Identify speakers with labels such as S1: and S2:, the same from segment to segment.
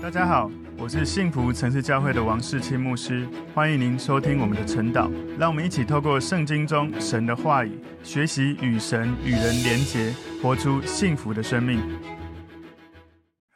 S1: 大家好，我是幸福城市教會的王世清牧師，歡迎您收聽我們的晨禱，讓我們一起透過聖經中神的話語，學習與神與人連結，活出幸福的生命。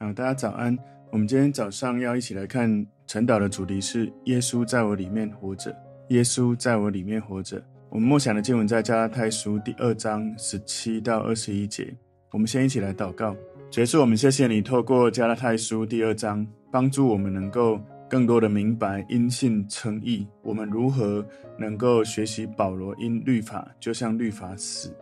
S1: 好，大家早安。我們今天早上要一起來看晨禱的主題是“耶穌在我裡面活着”。耶穌在我裡面活着。我們默想的經文在加拉太書第二章十七到二十一節。我們先一起來禱告。結束，我們謝謝你透過加拉太書第二章，幫助我們能夠更多的明白因信稱義。我們如何能夠學習保羅因律法就像律法死，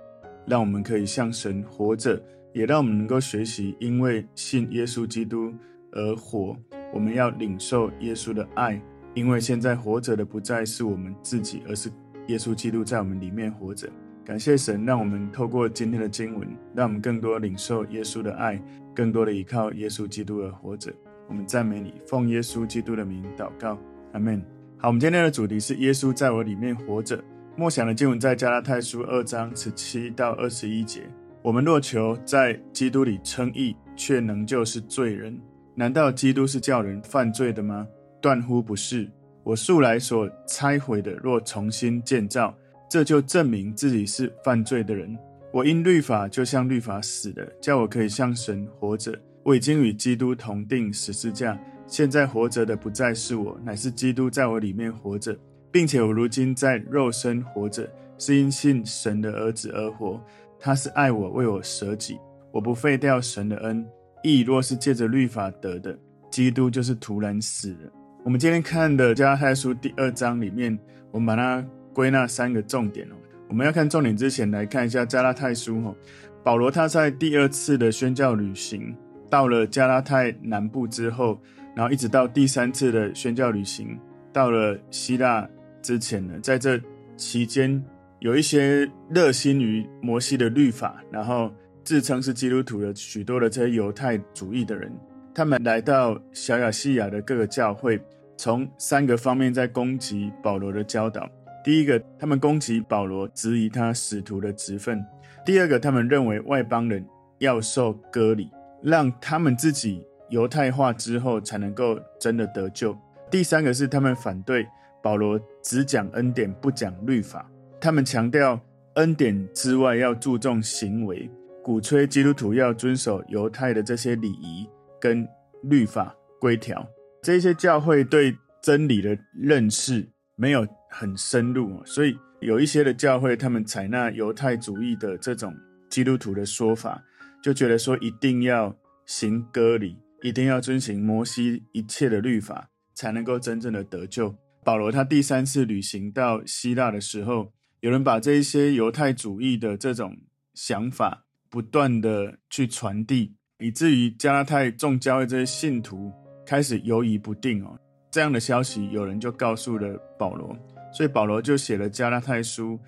S1: 讓我們可以向神活着，也讓我們能夠學習因為信耶穌基督而活。我們要領受耶穌的愛，因為現在活着的不再是我們自己，而是耶穌基督在我們裡面活着。感謝神，讓我們透過今天的經文，讓我們更多領受耶穌的愛，更多的依靠耶穌基督而活着。我們讚美你，奉耶穌基督的名禱告，阿門。好，我們今天的主題是耶穌在我裡面活着。默想的經文在加拉太書二章十七到二十一節。我們若求在基督裡稱義，卻仍舊是罪人，難道基督是叫人犯罪的嗎？斷乎不是。我素來所拆毀的，若重新建造，這就證明自己是犯罪的人。我因律法，就向律法死了，叫我可以向神活着。我已經與基督同釘十字架，現在活着的不再是我，乃是基督在我裡面活着，並且我如今在肉身活着，是因信神的兒子而活。他是愛我，為我舍己。我不廢掉神的恩義，義若是借着律法得的，基督就是徒然死了。我們今天看的加拉太書第二章裡面，我們把它。歸納三個重點哦。我們要看重點之前，來看一下加拉太書吼。保羅他在第二次的宣教旅行到了加拉太南部之後，然後一直到第三次的宣教旅行到了希臘之前呢，在這期間有一些熱心於摩西的律法，然後自稱是基督徒的許多的這些猶太主義的人，他們來到小亞細亞的各個教會，從三個方面在攻擊保羅的教導。第一個，他們攻擊保羅，質疑他使徒的職分；第二個，他們認為外邦人要受割禮，讓他們自己猶太化之後才能夠真的得救；第三個是他們反對保羅只講恩典，不講律法，他們強調恩典之外要注重行為，鼓吹基督徒要遵守猶太的這些禮儀跟律法規條。這些教會對真理的認識沒有，很深入，所以有一些的教會，他們採納猶太主義的這種基督徒的說法，就覺得說一定要行割禮，一定要遵循摩西一切的律法，才能夠真正的得救。保羅他第三次旅行到希臘的時候，有人把這一些猶太主義的這種想法不斷的去傳遞，以至於加拉太眾教會這些信徒開始猶疑不定哦。這樣的消息，有人就告訴了保羅。所以保羅就寫了加拉太書，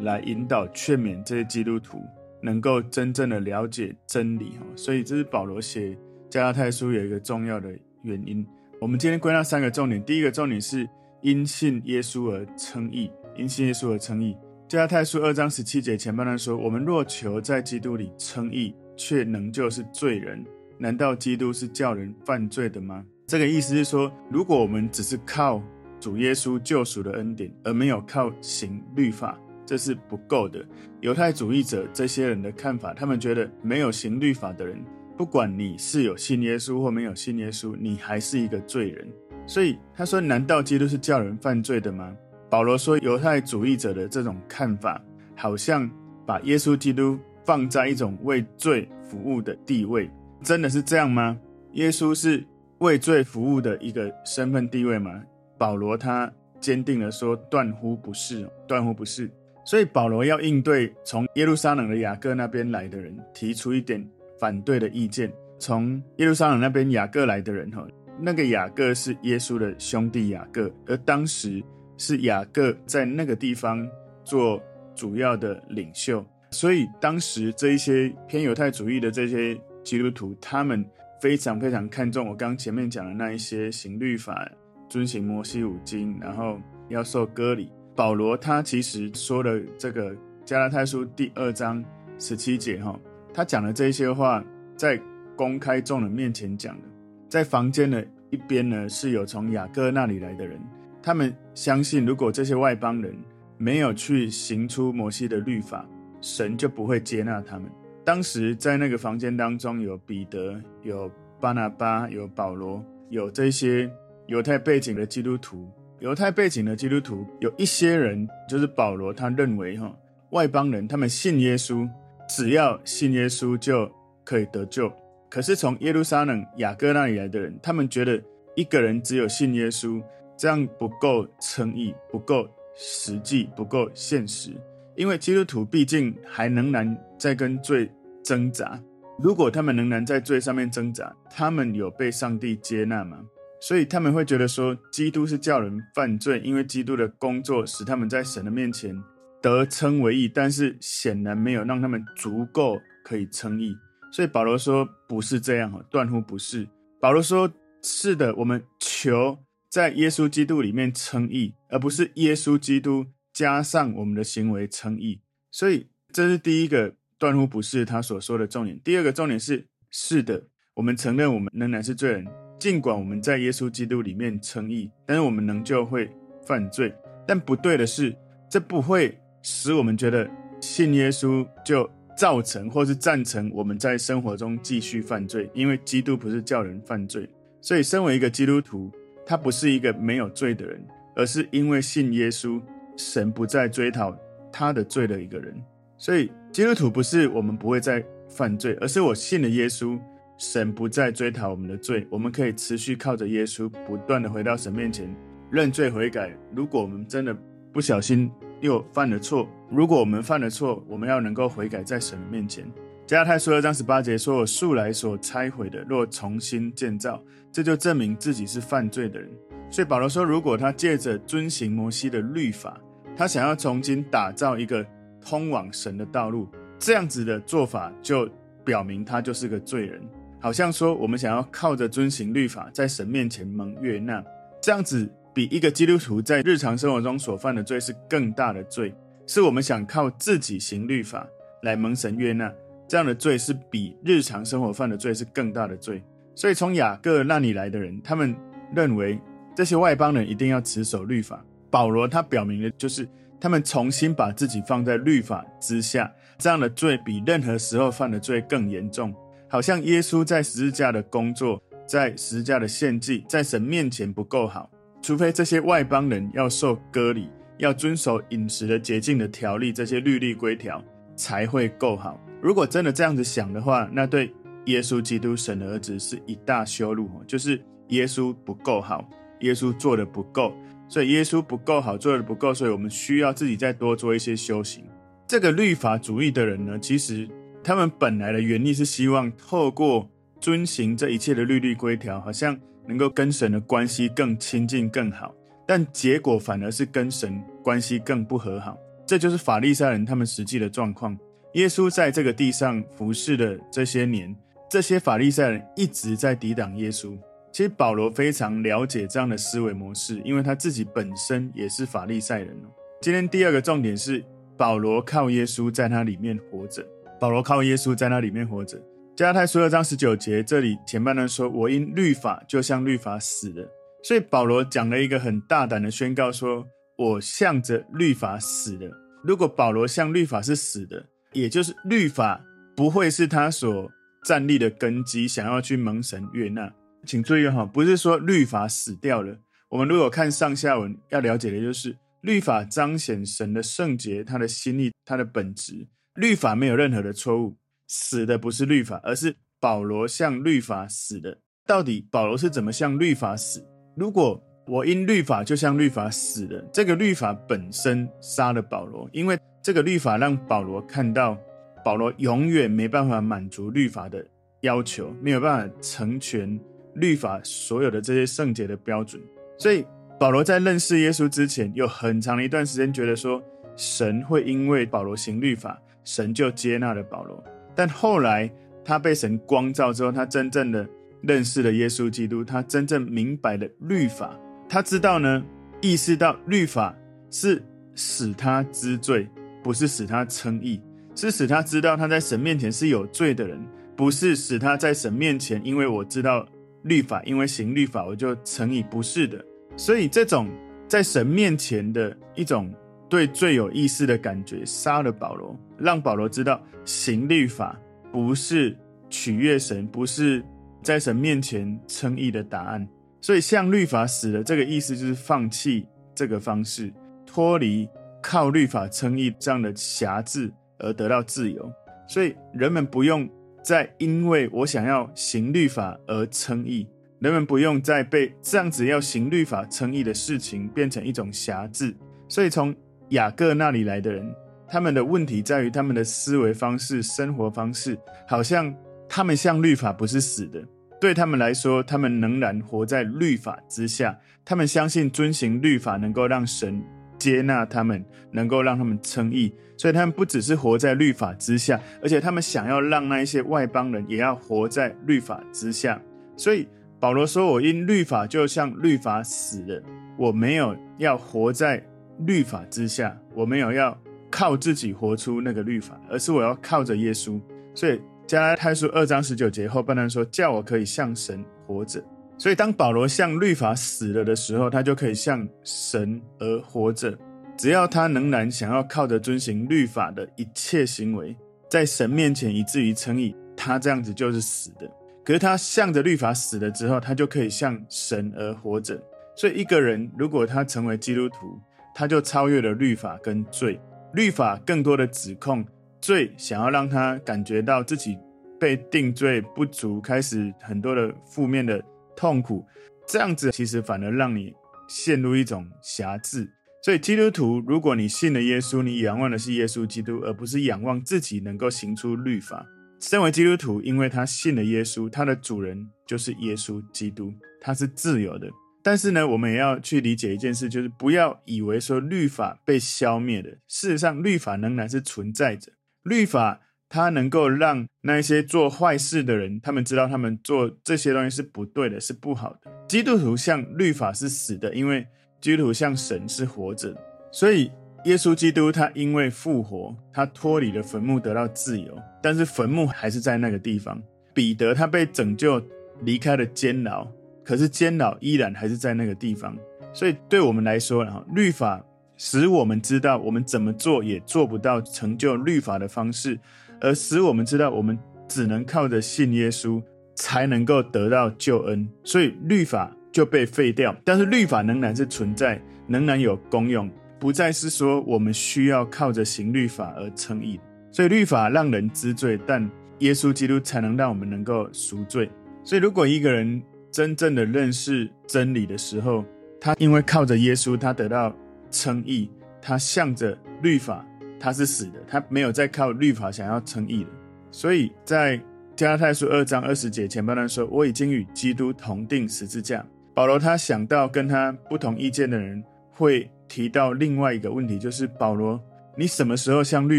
S1: 來引導勸勉這些基督徒能夠真正的了解真理。所以這是保羅寫加拉太書有一個重要的原因。我們今天歸納三個重點，第一個重點是因信耶穌而稱義。因信耶穌而稱義。加拉太書二章十七節前半段說：“我們若求在基督裡稱義，卻仍舊是罪人。難道基督是叫人犯罪的嗎？”這個意思是說，如果我們只是靠。主耶穌救贖的恩典，而沒有靠行律法，這是不夠的。猶太主義者這些人的看法，他們覺得沒有行律法的人，不管你是有信耶穌或沒有信耶穌，你還是一個罪人。所以他說：“難道基督是叫人犯罪的嗎？”保羅說：“猶太主義者的這種看法，好像把耶穌基督放在一種為罪服務的地位。真的是這樣嗎？耶穌是為罪服務的一個身份地位嗎？”保羅他堅定地說，斷乎不是哦，斷乎不是。所以保羅要應對從耶路撒冷的雅各那邊來的人提出一點反對的意見。從耶路撒冷那邊雅各來的人，哈，那個雅各是耶穌的兄弟雅各，而當時是雅各在那個地方做主要的領袖。所以當時這一些偏猶太主義的這些基督徒，他們非常非常看重我剛前面講的那一些行律法。遵行摩西五經，然後要受割禮。保羅他其實說的這個加拉太書第二章十七節哈，他講的這些話在公開眾人面前講的，在房間的一邊呢是有從雅各那裡來的人，他們相信如果這些外邦人沒有去行出摩西的律法，神就不會接納他們。當時在那個房間當中有彼得、有巴拿巴、有保羅、有這些。猶太背景的基督徒，猶太背景的基督徒有一些人，就是保羅，他認為哈，外邦人他們信耶穌，只要信耶穌就可以得救。可是從耶路撒冷雅各那裡來的人，他們覺得一個人只有信耶穌，這樣不夠誠意，不夠實際，不夠實際，不夠現實。因為基督徒畢竟還仍然在跟罪掙扎。如果他們仍然在罪上面掙扎，他們有被上帝接納嗎？所以他們會覺得說，基督是叫人犯罪，因為基督的工作使他們在神的面前得稱為義，但是顯然沒有讓他們足夠可以稱義。所以保羅說不是這樣，哈，斷乎不是。保羅說，是的，我們求在耶穌基督裡面稱義，而不是耶穌基督加上我們的行為稱義。所以這是第一個斷乎不是他所說的重點。第二個重點是，是的，我們承認我們仍然是罪人。儘管我們在耶穌基督裡面稱義，但是我們仍舊會犯罪。但不對的是，這不會使我們覺得信耶穌就造成或是贊成我們在生活中繼續犯罪，因為基督不是叫人犯罪。所以，身為一個基督徒，他不是一個沒有罪的人，而是因為信耶穌，神不再追討他的罪的一個人。所以，基督徒不是我們不會再犯罪，而是我信了耶穌。神不再追討我們的罪，我們可以持續靠着耶穌，不斷的回到神面前認罪悔改。如果我們真的不小心又犯了錯，如果我們犯了錯，我們要能夠悔改在神面前。加拉太書二章十八節說：“我素來所拆毀的，若重新建造，這就證明自己是犯罪的人。”所以保羅說：“如果他借着遵行摩西的律法，他想要重新打造一個通往神的道路，這樣子的做法就表明他就是個罪人。”好像說，我們想要靠着遵行律法，在神面前蒙悅納，這樣子比一個基督徒在日常生活中所犯的罪是更大的罪，是我們想靠自己行律法來蒙神悅納，這樣的罪是比日常生活犯的罪是更大的罪。所以從雅各那裡來的人，他們認為這些外邦人一定要持守律法。保羅他表明了，就是他們重新把自己放在律法之下，這樣的罪比任何時候犯的罪更嚴重。好像耶穌在十字架的工作，在十字架的獻祭，在神面前不夠好，除非這些外邦人要受割禮，要遵守飲食的潔淨的條例，這些律例規條才會夠好。如果真的這樣子想的話，那對耶穌基督神的兒子是一大羞辱，就是耶穌不夠好，耶穌做的不夠，所以耶穌不夠好，做的不夠，所以我們需要自己再多做一些修行。這個律法主義的人呢，其實。他們本來的原意是希望透過遵行這一切的律例規條，好像能夠跟神的關係更親近、更好，但結果反而是跟神關係更不和好。這就是法利賽人他們實際的狀況。耶穌在這個地上服侍的這些年，這些法利賽人一直在抵擋耶穌。其實保羅非常了解這樣的思維模式，因為他自己本身也是法利賽人。今天第二個重點是，保羅靠耶穌在他裡面活着。保羅靠耶穌在那裡面活着。加拉太書二章十九節，這裡前半段說：“我因律法就向律法死了。”所以保羅講了一個很大膽的宣告說：“說我向着律法死了。”如果保羅向律法是死的，也就是律法不會是他所站立的根基，想要去蒙神悅納。請注意哈，不是說律法死掉了。我們如果看上下文，要了解的就是律法彰顯神的聖潔，他的心意，他的本質。律法沒有任何的錯誤，死的不是律法，而是保羅向律法死的。到底保羅是怎麼向律法死？如果我因律法就向律法死了，這個律法本身殺了保羅，因為這個律法讓保羅看到保羅永遠沒辦法滿足律法的要求，沒有辦法成全律法所有的這些聖潔的標準。所以保羅在認識耶穌之前，有很長一段時間覺得說，神會因為保羅行律法。神就接納了保羅，但後來他被神光照之後，他真正的認識了耶穌基督，他真正明白了律法，他知道呢，意識到律法是使他知罪，不是使他稱義，是使他知道他在神面前是有罪的人，不是使他在神面前，因為我知道律法，因為行律法我就稱義，不是的。所以這種在神面前的一種對罪有意識的感覺，殺了保羅。讓保羅知道，行律法不是取悅神，不是在神面前稱義的答案。所以向律法死了這個意思，就是放棄這個方式，脫離靠律法稱義這樣的挾制而得到自由。所以人們不用再因為我想要行律法而稱義，人們不用再被這樣子要行律法稱義的事情變成一種挾制。所以從雅各那裡來的人。他們的問題在於他們的思維方式、生活方式，好像他們向律法不是死的。對他們來說，他們仍然活在律法之下。他們相信遵行律法能夠讓神接納他們，能夠讓他們稱義。所以他們不只是活在律法之下，而且他們想要讓那一些外邦人也要活在律法之下。所以保羅說：“我因律法就向律法死了，我沒有要活在律法之下，我沒有要。”靠自己活出那個律法，而是我要靠着耶穌。所以加拉太書二章十九節後半段說：“叫我可以向神活着。”所以當保羅向律法死了的時候，他就可以向神而活着。只要他仍然想要靠着遵行律法的一切行為，在神面前，以至於稱義，他這樣子就是死的。可是他向着律法死了之後，他就可以向神而活着。所以一個人如果他成為基督徒，他就超越了律法跟罪。律法更多的指控，最想要讓他感覺到自己被定罪不足，開始很多的負面的痛苦，這樣子其實反而讓你陷入一種轄制。所以基督徒，如果你信了耶穌，你仰望的是耶穌基督，而不是仰望自己能夠行出律法。身為基督徒，因為他信了耶穌，他的主人就是耶穌基督，他是自由的。但是呢，我們也要去理解一件事，就是不要以為說律法被消滅了，事實上律法仍然是存在着。律法它能夠讓那些做壞事的人，他們知道他們做這些東西是不對的，是不好的。基督徒向律法是死的，因為基督徒向神是活着，所以耶穌基督他因為復活，他脫離了墳墓得到自由，但是墳墓還是在那個地方。彼得他被拯救，離開了監牢。可是監牢依然還是在那個地方，所以對我們來說啊，律法使我們知道我們怎麼做也做不到成就律法的方式，而使我們知道我們只能靠着信耶穌才能夠得到救恩，所以律法就被廢掉。但是律法仍然是存在，仍然有功用，不再是說我們需要靠着行律法而稱義。所以律法讓人知罪，但耶穌基督才能讓我們能夠贖罪。所以如果一個人，真正的認識真理的時候，他因為靠着耶穌，他得到稱義；他向着律法，他是死的，他沒有再靠律法想要稱義了。所以在加拉太書二章二十節前半段說：“我已經與基督同釘十字架。”保羅他想到跟他不同意見的人會提到另外一個問題，就是保羅，你什麼時候向律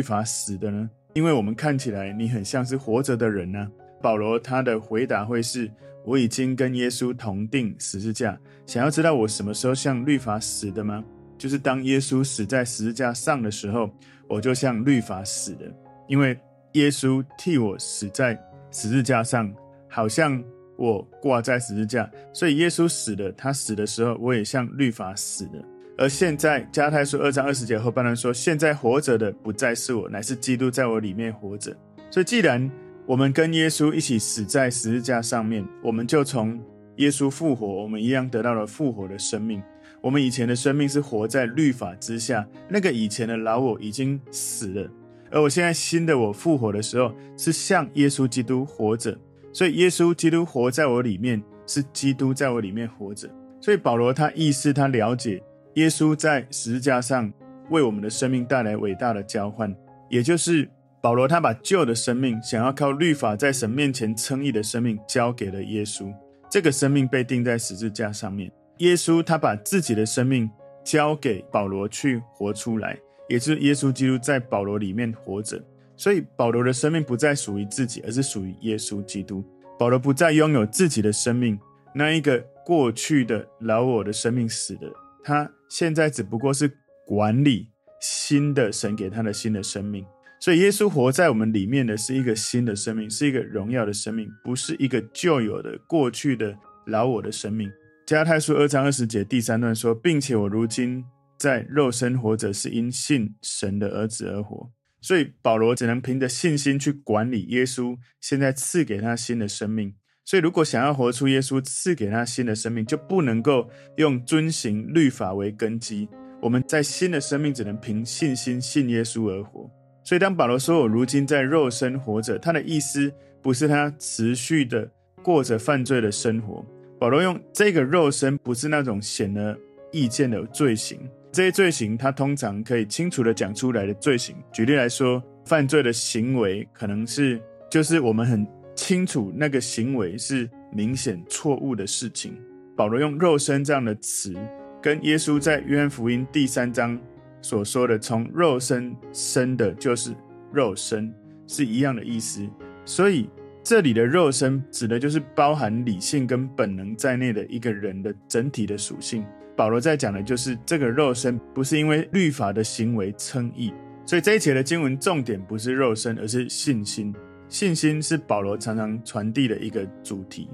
S1: 法死的呢？因為我們看起來你很像是活着的人呢、啊。保羅他的回答會是。我已經跟耶穌同釘十字架。想要知道我什麼時候向律法死的嗎？就是當耶穌死在十字架上的時候，我就向律法死了，因為耶穌替我死在十字架上，好像我掛在十字架，所以耶穌死的，他死的時候，我也向律法死了。而現在加太書二章二十節後半段說：“現在活着的，不再是我，乃是基督在我裡面活着。”所以既然我們跟耶穌一起死在十字架上面，我們就從耶穌復活，我們一樣得到了復活的生命。我們以前的生命是活在律法之下，那個以前的老我已經死了，而我現在新的我復活的時候，是像耶穌基督活着。所以耶穌基督活在我裡面，是基督在我裡面活着。所以保羅他意思他了解，耶穌在十字架上為我們的生命帶來偉大的交換，也就是。保羅他把舊的生命，想要靠律法在神面前稱義的生命，交給了耶穌。這個生命被釘在十字架上面。耶穌他把自己的生命交給保羅去活出來，也就是耶穌基督在保羅裡面活着。所以保羅的生命不再屬於自己，而是屬於耶穌基督。保羅不再擁有自己的生命，那一個過去的老我的生命死了。他現在只不過是管理新的神給他的新的生命。所以，耶穌活在我們裡面的是一個新的生命，是一個榮耀的生命，不是一個舊有的、過去的、老我的生命。加拉太書二章二十節第三段說：“並且我如今在肉身活着，是因信神的兒子而活。”所以，保羅只能憑着信心去管理耶穌現在賜給他新的生命。所以，如果想要活出耶穌賜給他新的生命，就不能夠用遵循律法為根基。我們在新的生命只能憑信心信耶穌而活。所以，當保羅說“我如今在肉身活着”，他的意思不是他持續的過着犯罪的生活。保羅用這個“肉身”，不是那種顯而易見的罪行，這些罪行他通常可以清楚的講出來的罪行。舉例來說，犯罪的行為可能是就是我們很清楚那個行為是明顯錯誤的事情。保羅用“肉身”這樣的詞，跟耶穌在約翰福音第三章。所說的從肉身生的，就是肉身，是一樣的意思。所以這裡的肉身指的就是包含理性跟本能在內的一個人的整體的屬性。保羅在講的就是這個肉身不是因為律法的行為稱義。所以這一節的經文重點不是肉身，而是信心。信心是保羅常常傳遞的一個主題，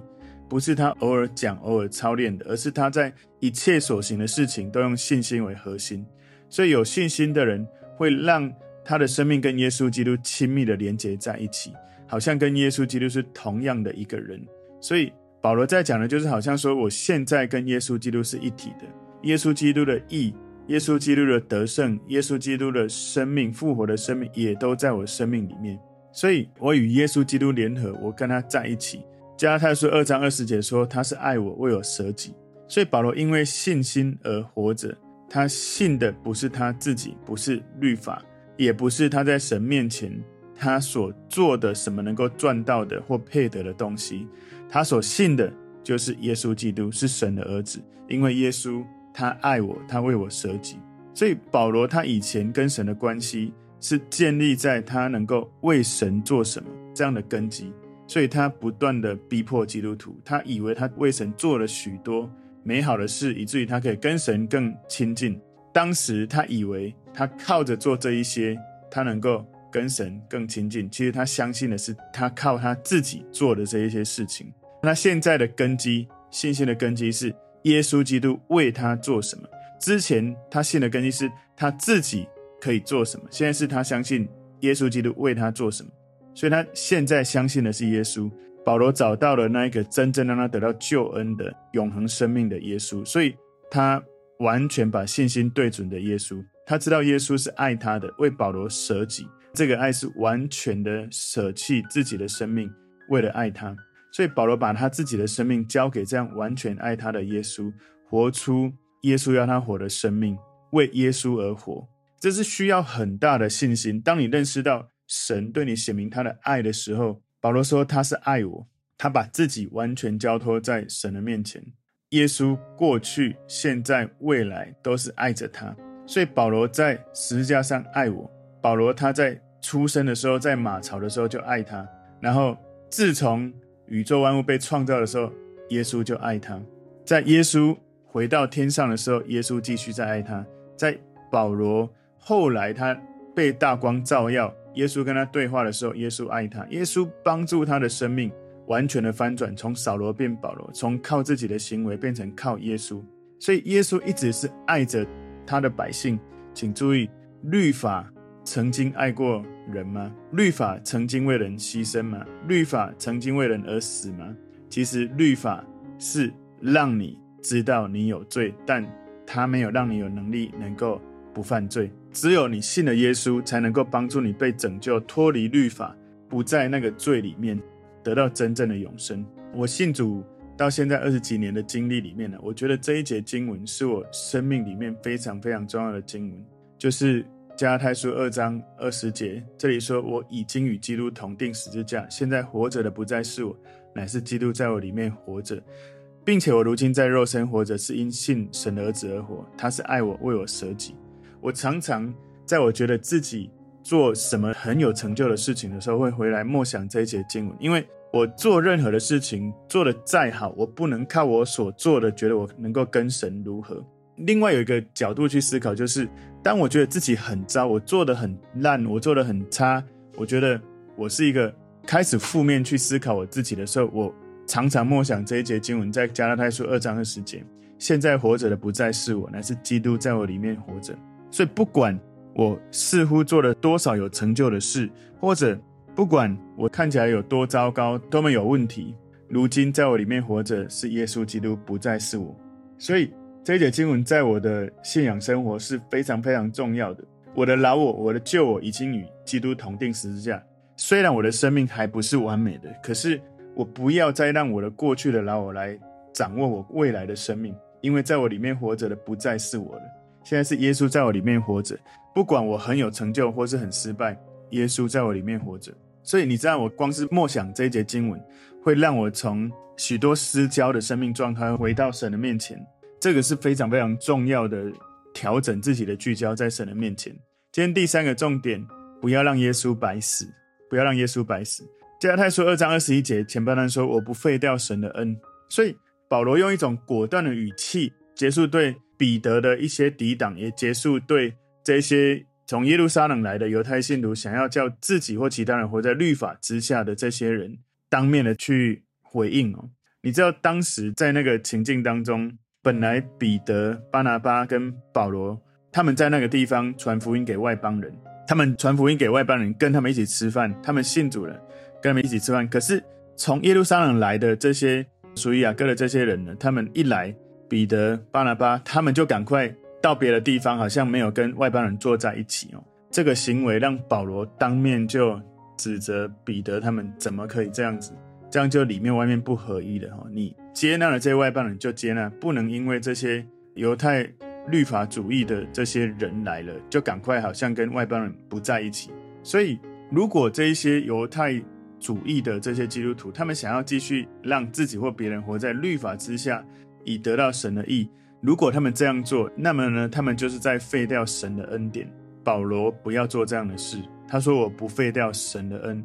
S1: 不是他偶爾講、偶爾操練的，而是他在一切所行的事情都用信心為核心。所以，有信心的人會讓他的生命跟耶穌基督親密的連接在一起，好像跟耶穌基督是同樣的一個人。所以，保羅在講的就是，好像說，我現在跟耶穌基督是一體的。耶穌基督的義、耶穌基督的得勝、耶穌基督的生命、復活的生命，也都在我生命裡面。所以，我與耶穌基督聯合，我跟他在一起。加拉太書二章二十節說，他是愛我，為我捨己。所以，保羅因為信心而活着。他信的不是他自己，不是律法，也不是他在神面前他所做的什麼能夠賺到的或配得的東西。他所信的就是耶穌基督，是神的兒子。因為耶穌他愛我，他為我舍己。所以保羅他以前跟神的關係是建立在他能夠為神做什麼這樣的根基。所以他不斷的逼迫基督徒，他以為他為神做了許多，美好的事，以至於他可以跟神更親近。當時他以為他靠着做這一些，他能夠跟神更親近。其實他相信的是，他靠他自己做的這一些事情。那現在的根基、信心的根基是耶穌基督為他做什麼。之前他信的根基是他自己可以做什麼。現在是他相信耶穌基督為他做什麼。所以他現在相信的是耶穌。保羅找到了那一個真正讓他得到救恩的永恆生命的耶穌，所以他完全把信心對準的耶穌。他知道耶穌是愛他的，為保羅舍己。這個愛是完全的，捨棄自己的生命，為了愛他。所以保羅把他自己的生命交給這樣完全愛他的耶穌，活出耶穌要他活的生命，為耶穌而活。這是需要很大的信心。當你認識到神對你顯明他的愛的時候，保羅說：“他是愛我，他把自己完全交托在神的面前。耶穌過去、現在、未來都是愛着他，所以保羅在十字架上愛我。保羅他在出生的時候，在馬槽的時候就愛他，然後自從宇宙萬物被創造的時候，耶穌就愛他。在耶穌回到天上的時候，耶穌繼續在愛他。在保羅後來，他被大光照耀。”耶穌跟他對話的時候，耶穌愛他，耶穌幫助他的生命完全的翻轉，從掃羅變保羅，從靠自己的行為變成靠耶穌。所以耶穌一直是愛着他的百姓。請注意，律法曾經愛過人嗎？律法曾經為人犧牲嗎？律法曾經為人而死嗎？其實律法是讓你知道你有罪，但他沒有讓你有能力能夠。不犯罪，只有你信了耶穌，才能夠幫助你被拯救，脫離律法，不在那個罪裡面，得到真正的永生。我信主到現在二十幾年的經歷裡面呢，我覺得這一節經文是我生命裡面非常非常重要的經文，就是加拉太書二章二十節，這裡說：“我已經與基督同釘十字架，現在活着的不再是我，乃是基督在我裡面活着，並且我如今在肉身活着，是因信神的兒子而活，他是愛我，為我捨己。”我常常在我覺得自己做什麼很有成就的事情的時候，會回來默想這一節經文，因為我做任何的事情做得再好，我不能靠我所做的覺得我能夠跟神如何。另外有一個角度去思考，就是當我覺得自己很糟，我做得很爛，我做得很差，我覺得我是一個開始負面去思考我自己的時候，我常常默想這一節經文，在加拉太書二章二十節：現在活着的不再是我，乃是基督在我裡面活着。所以，不管我似乎做了多少有成就的事，或者不管我看起來有多糟糕，多麼有問題，如今在我裡面活着是耶穌基督，不再是我。所以這一節經文在我的信仰生活是非常非常重要的。我的老我、我的舊我已經與基督同釘十字架。雖然我的生命還不是完美的，可是我不要再讓我的過去的老我來掌握我未來的生命，因為在我裡面活着的不再是我了。現在是耶穌在我裡面活着，不管我很有成就或是很失敗，耶穌在我裡面活着。所以你知道，我光是默想這一節經文，會讓我從許多失焦的生命狀態回到神的面前。這個是非常非常重要的，調整自己的聚焦在神的面前。今天第三個重點，不要讓耶穌白死，不要讓耶穌白死。加拉太書二章二十一節前半段說：“我不廢掉神的恩。”所以保羅用一種果斷的語氣結束對。彼得的一些抵擋也結束，對這些從耶路撒冷來的猶太信徒，想要叫自己或其他人活在律法之下的這些人，當面的去回應哦。你知道當時在那個情境當中，本來彼得、巴拿巴跟保羅他們在那個地方傳福音給外邦人，他們傳福音給外邦人，跟他們一起吃飯，他們信主了，跟他們一起吃飯。可是從耶路撒冷來的這些屬於雅各的這些人呢，他們一來。彼得、巴拿巴他們就趕快到別的地方，好像沒有跟外邦人坐在一起哦。這個行為讓保羅當面就指責彼得他們，怎麼可以這樣子？這樣就裡面外面不合意了哦。你接納了這些外邦人就接納，不能因為這些猶太律法主義的這些人來了，就趕快好像跟外邦人不在一起。所以，如果這一些猶太主義的這些基督徒，他們想要繼續讓自己或別人活在律法之下，以得到神的義。如果他們這樣做，那麼呢？他們就是在廢掉神的恩典。保羅不要做這樣的事。他說：“我不廢掉神的恩，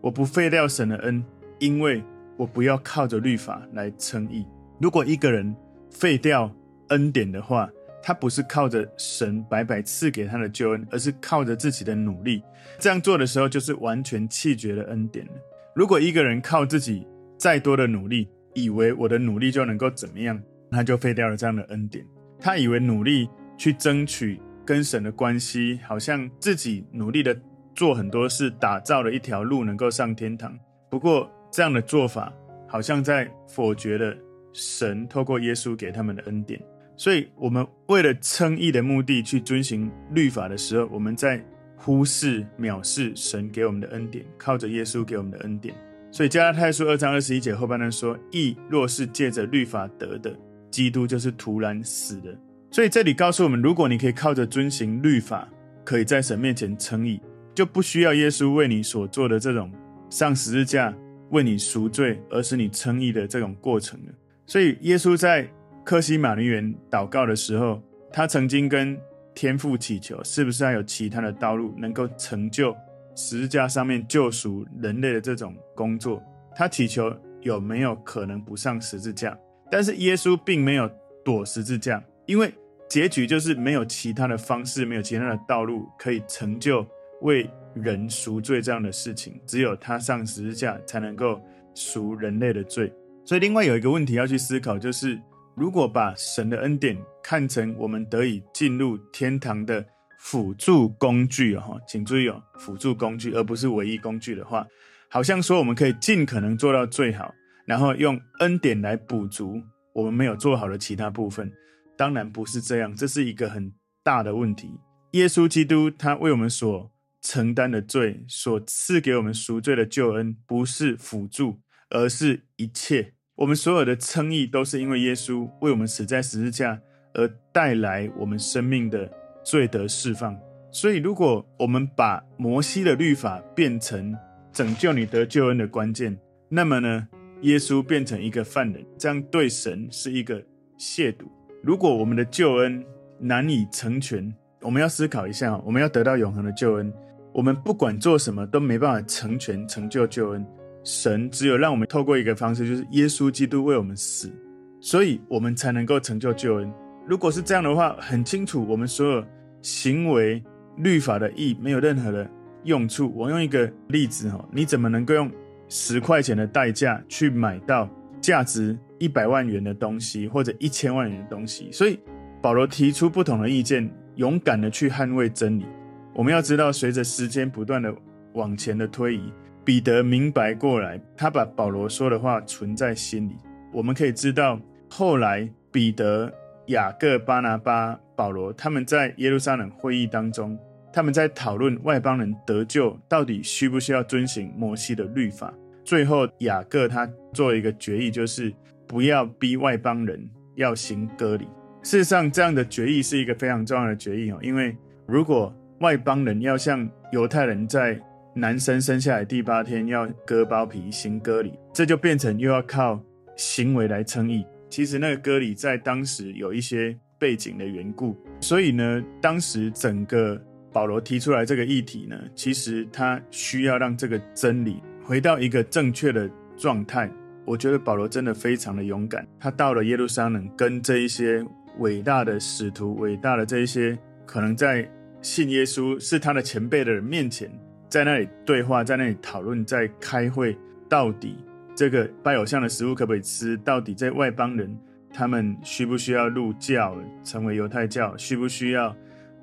S1: 我不廢掉神的恩，因為我不要靠着律法來稱義。如果一個人廢掉恩典的話，他不是靠着神白白賜給他的救恩，而是靠着自己的努力。這樣做的時候，就是完全棄絕了恩典。如果一個人靠自己再多的努力，以為我的努力就能夠怎麼樣，他就廢掉了這樣的恩典。他以為努力去爭取跟神的關係，好像自己努力的做很多事，打造了一條路能夠上天堂。不過這樣的做法，好像在否決了神透過耶穌給他們的恩典。所以，我們為了稱義的目的去遵行律法的時候，我們在忽視、藐視神給我們的恩典，靠着耶穌給我們的恩典。所以加拉太書二章二十一節後半段說：“義若是借着律法得的，基督就是徒然死的。”所以這裡告訴我們，如果你可以靠着遵行律法，可以在神面前稱義，就不需要耶穌為你所做的這種上十字架為你贖罪而使你稱義的這種過程了。所以耶穌在客西馬尼園禱告的時候，他曾經跟天父祈求：“是不是還有其他的道路能夠成就？”十字架上面救贖人類的這種工作，他祈求有沒有可能不上十字架？但是耶穌並沒有躲十字架，因為結局就是沒有其他的方式，沒有其他的道路可以成就為人贖罪這樣的事情，只有他上十字架才能夠贖人類的罪。所以，另外有一個問題要去思考，就是如果把神的恩典看成我們得以進入天堂的。輔助工具哦，哈，請注意哦，輔助工具而不是唯一工具的話，好像說我們可以盡可能做到最好，然後用恩典來補足我們沒有做好的其他部分。當然不是這樣，這是一個很大的問題。耶穌基督他為我們所承擔的罪，所賜給我們贖罪的救恩，不是輔助，而是一切。我們所有的稱義都是因為耶穌為我們死在十字架而帶來我們生命的。罪得釋放，所以如果我們把摩西的律法變成拯救你得救恩的關鍵，那麼呢，耶穌變成一個犯人，這樣對神是一個褻瀆。如果我們的救恩難以成全，我們要思考一下，我們要得到永恆的救恩，我們不管做什麼都沒辦法成全成就救恩，神只有讓我們透過一個方式，就是耶穌基督為我們死，所以我們才能夠成就救恩。如果是這樣的話，很清楚，我們所有行為律法的義沒有任何的用處。我用一個例子哈，你怎麼能夠用十塊錢的代價去買到價值一百萬元的東西，或者一千萬元的東西？所以保羅提出不同的意見，勇敢的去捍衛真理。我們要知道，隨着時間不斷的往前的推移，彼得明白過來，他把保羅說的話存在心裡。我們可以知道，後來彼得。雅各、巴拿巴、保羅，他們在耶路撒冷會議當中，他們在討論外邦人得救到底需不需要遵循摩西的律法。最後，雅各他做一個決議，就是不要逼外邦人要行割禮。事實上，這樣的決議是一個非常重要的決議哦，因為如果外邦人要像猶太人在男生生下來第八天要割包皮行割禮，這就變成又要靠行為來稱義。其實那個割禮在當時有一些背景的緣故，所以呢，當時整個保羅提出來這個議題呢，其實他需要讓這個真理回到一個正確的狀態。我覺得保羅真的非常的勇敢，他到了耶路撒冷，跟這一些偉大的使徒、偉大的這一些可能在信耶穌是他的前輩的人面前，在那裡對話，在那裡討論，在開會，到底。這個拜偶像的食物可不可以吃？到底在外邦人，他們需不需要入教成為猶太教？需不需要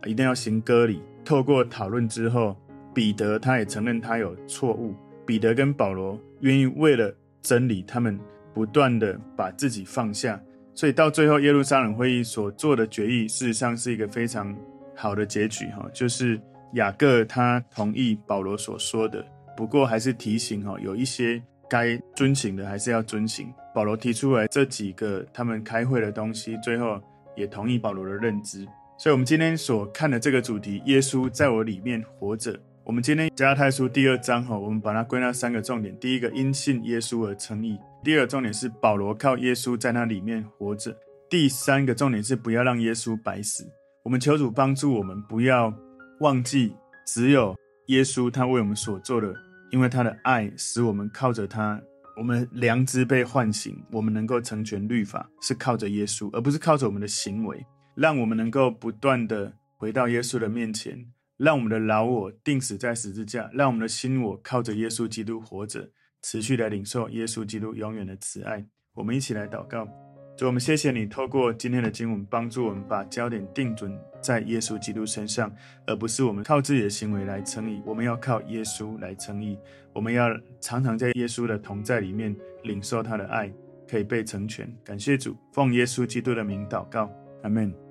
S1: 一定要行割禮？透過討論之後，彼得他也承認他有錯誤。彼得跟保羅願意為了真理，他們不斷的把自己放下。所以到最後耶路撒冷會議所做的決議，事實上是一個非常好的結局。哈，就是雅各他同意保羅所說的。不過還是提醒哈，有一些。該遵循的還是要遵循，保羅提出來這幾個他們開會的東西，最後也同意保羅的認知。所以，我們今天所看的這個主題，耶穌在我裡面活着。我們今天加拉太書第二章哈，我們把它歸納三個重點：第一個，因信耶穌而稱義；第二個重點是保羅靠耶穌在那裡面活着；第三個重點是不要讓耶穌白死。我們求主幫助我們，不要忘記，只有耶穌他為我們所做的。因為他的愛使我們靠着他，我們良知被喚醒，我們能夠成全律法，是靠着耶穌，而不是靠着我們的行為，讓我們能夠不斷地回到耶穌的面前，讓我們的老我釘死在十字架，讓我們的新我靠着耶穌基督活着，持續來領受耶穌基督永遠的慈愛。我們一起來禱告。所以我們謝謝你透過今天的經文幫助我們把焦點定準在耶穌基督身上，而不是我們靠自己的行為來稱義。我們要靠耶穌來稱義，我們要常常在耶穌的同在裡面領受他的愛，可以被成全。感謝主，奉耶穌基督的名禱告，阿門。